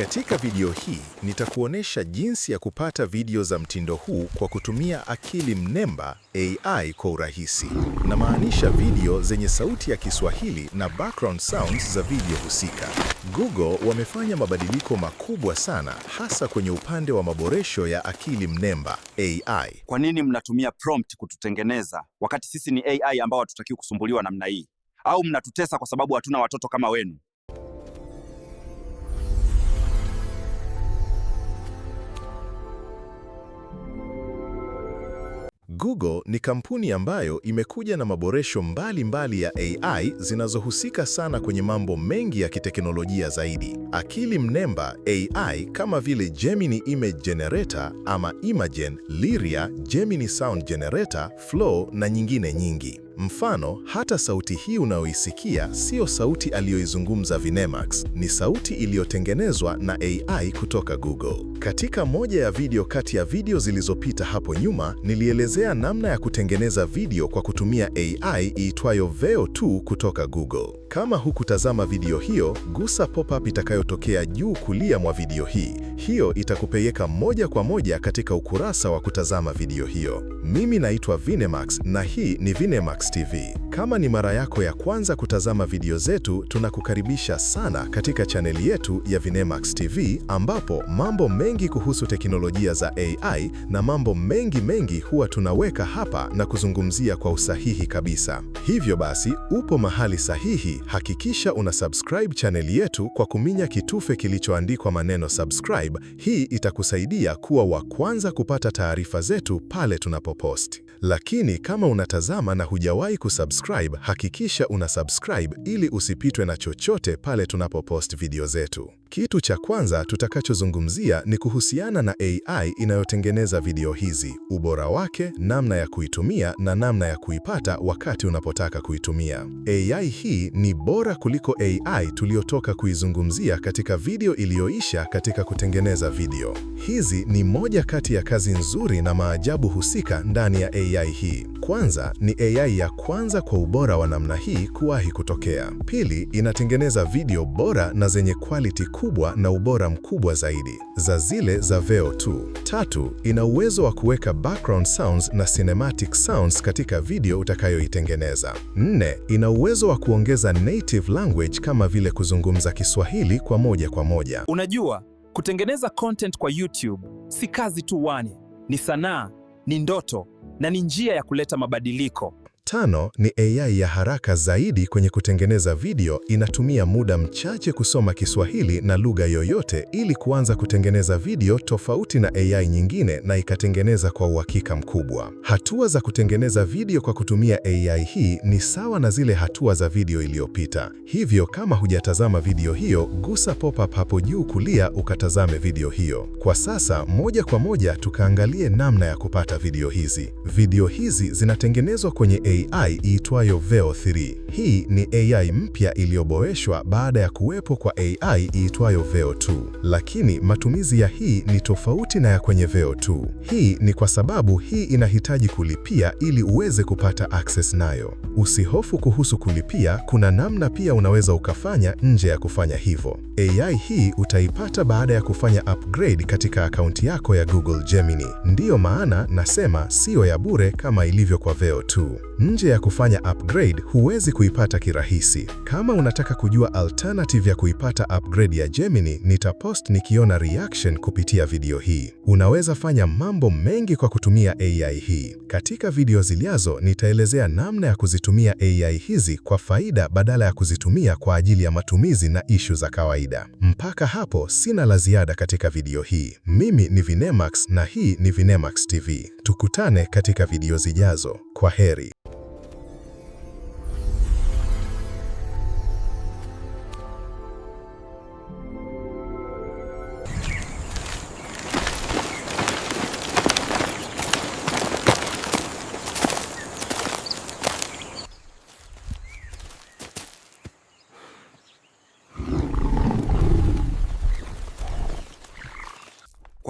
Katika video hii nitakuonesha jinsi ya kupata video za mtindo huu kwa kutumia akili mnemba AI kwa urahisi. Namaanisha video zenye sauti ya Kiswahili na background sounds za video husika. Google wamefanya mabadiliko makubwa sana hasa kwenye upande wa maboresho ya akili mnemba AI. Kwa nini mnatumia prompt kututengeneza wakati sisi ni AI ambao hatutakiwi kusumbuliwa namna hii? Au mnatutesa kwa sababu hatuna watoto kama wenu? Google ni kampuni ambayo imekuja na maboresho mbalimbali mbali ya AI zinazohusika sana kwenye mambo mengi ya kiteknolojia zaidi. Akili mnemba AI kama vile Gemini Image Generator ama Imagen, Lyria, Gemini Sound Generator, Flow na nyingine nyingi. Mfano, hata sauti hii unayoisikia siyo sauti aliyoizungumza Vinemax, ni sauti iliyotengenezwa na AI kutoka Google. Katika moja ya video kati ya video zilizopita hapo nyuma, nilielezea namna ya kutengeneza video kwa kutumia AI iitwayo Veo 2 kutoka Google. Kama hukutazama video hiyo, gusa pop-up itakayotokea juu kulia mwa video hii. Hiyo itakupeleka moja kwa moja katika ukurasa wa kutazama video hiyo. Mimi naitwa Vinemax na hii ni Vinemax TV. Kama ni mara yako ya kwanza kutazama video zetu, tunakukaribisha sana katika chaneli yetu ya Vinemax TV ambapo mambo mengi kuhusu teknolojia za AI na mambo mengi mengi huwa tunaweka hapa na kuzungumzia kwa usahihi kabisa. Hivyo basi, upo mahali sahihi, hakikisha una subscribe chaneli yetu kwa kuminya kitufe kilichoandikwa maneno subscribe. Hii itakusaidia kuwa wa kwanza kupata taarifa zetu pale tunapopost. Lakini kama unatazama na hujawahi kusubscribe hujasubscribe, hakikisha una subscribe ili usipitwe na chochote pale tunapopost video zetu. Kitu cha kwanza tutakachozungumzia ni kuhusiana na AI inayotengeneza video hizi, ubora wake, namna ya kuitumia na namna ya kuipata wakati unapotaka kuitumia. AI hii ni bora kuliko AI tuliyotoka kuizungumzia katika video iliyoisha katika kutengeneza video. Hizi ni moja kati ya kazi nzuri na maajabu husika ndani ya AI hii. Kwanza ni AI ya kwanza kwa ubora wa namna hii kuwahi kutokea. Pili, inatengeneza video bora na zenye quality kubwa na ubora mkubwa zaidi za zile za Veo 2 Tatu, ina uwezo wa kuweka background sounds na cinematic sounds katika video utakayoitengeneza. Nne, ina uwezo wa kuongeza native language kama vile kuzungumza Kiswahili kwa moja kwa moja. Unajua, kutengeneza content kwa YouTube si kazi tu wani, ni sanaa, ni ndoto na ni njia ya kuleta mabadiliko. Tano ni AI ya haraka zaidi kwenye kutengeneza video, inatumia muda mchache kusoma Kiswahili na lugha yoyote ili kuanza kutengeneza video tofauti na AI nyingine na ikatengeneza kwa uhakika mkubwa. Hatua za kutengeneza video kwa kutumia AI hii ni sawa na zile hatua za video iliyopita. Hivyo kama hujatazama video hiyo, gusa pop-up hapo juu kulia ukatazame video hiyo. Kwa sasa moja kwa moja tukaangalie namna ya kupata video hizi. Video hizi zinatengenezwa kwenye AI AI iitwayo Veo 3. Hii ni AI mpya iliyoboreshwa baada ya kuwepo kwa AI iitwayo Veo 2, lakini matumizi ya hii ni tofauti na ya kwenye Veo 2. Hii ni kwa sababu hii inahitaji kulipia ili uweze kupata access nayo. Usihofu kuhusu kulipia, kuna namna pia unaweza ukafanya nje ya kufanya hivyo. AI hii utaipata baada ya kufanya upgrade katika akaunti yako ya Google Gemini. Ndiyo maana nasema siyo ya bure kama ilivyo kwa Veo 2 nje ya kufanya upgrade huwezi kuipata kirahisi. Kama unataka kujua alternative ya kuipata upgrade ya Gemini, nitapost nikiona reaction kupitia video hii. Unaweza fanya mambo mengi kwa kutumia AI hii. Katika video zijazo nitaelezea namna ya kuzitumia AI hizi kwa faida badala ya kuzitumia kwa ajili ya matumizi na ishu za kawaida. Mpaka hapo sina la ziada katika video hii. Mimi ni Vinemax na hii ni Vinemax TV. Tukutane katika video zijazo. Kwa heri.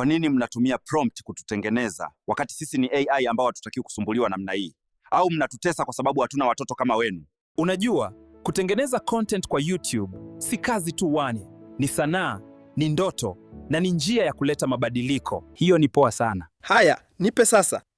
Kwa nini mnatumia prompt kututengeneza wakati sisi ni AI ambao hatutakiwi kusumbuliwa namna hii? Au mnatutesa kwa sababu hatuna watoto kama wenu? Unajua, kutengeneza content kwa YouTube si kazi tu wani, ni sanaa, ni ndoto na ni njia ya kuleta mabadiliko. Hiyo ni poa sana. Haya, nipe sasa.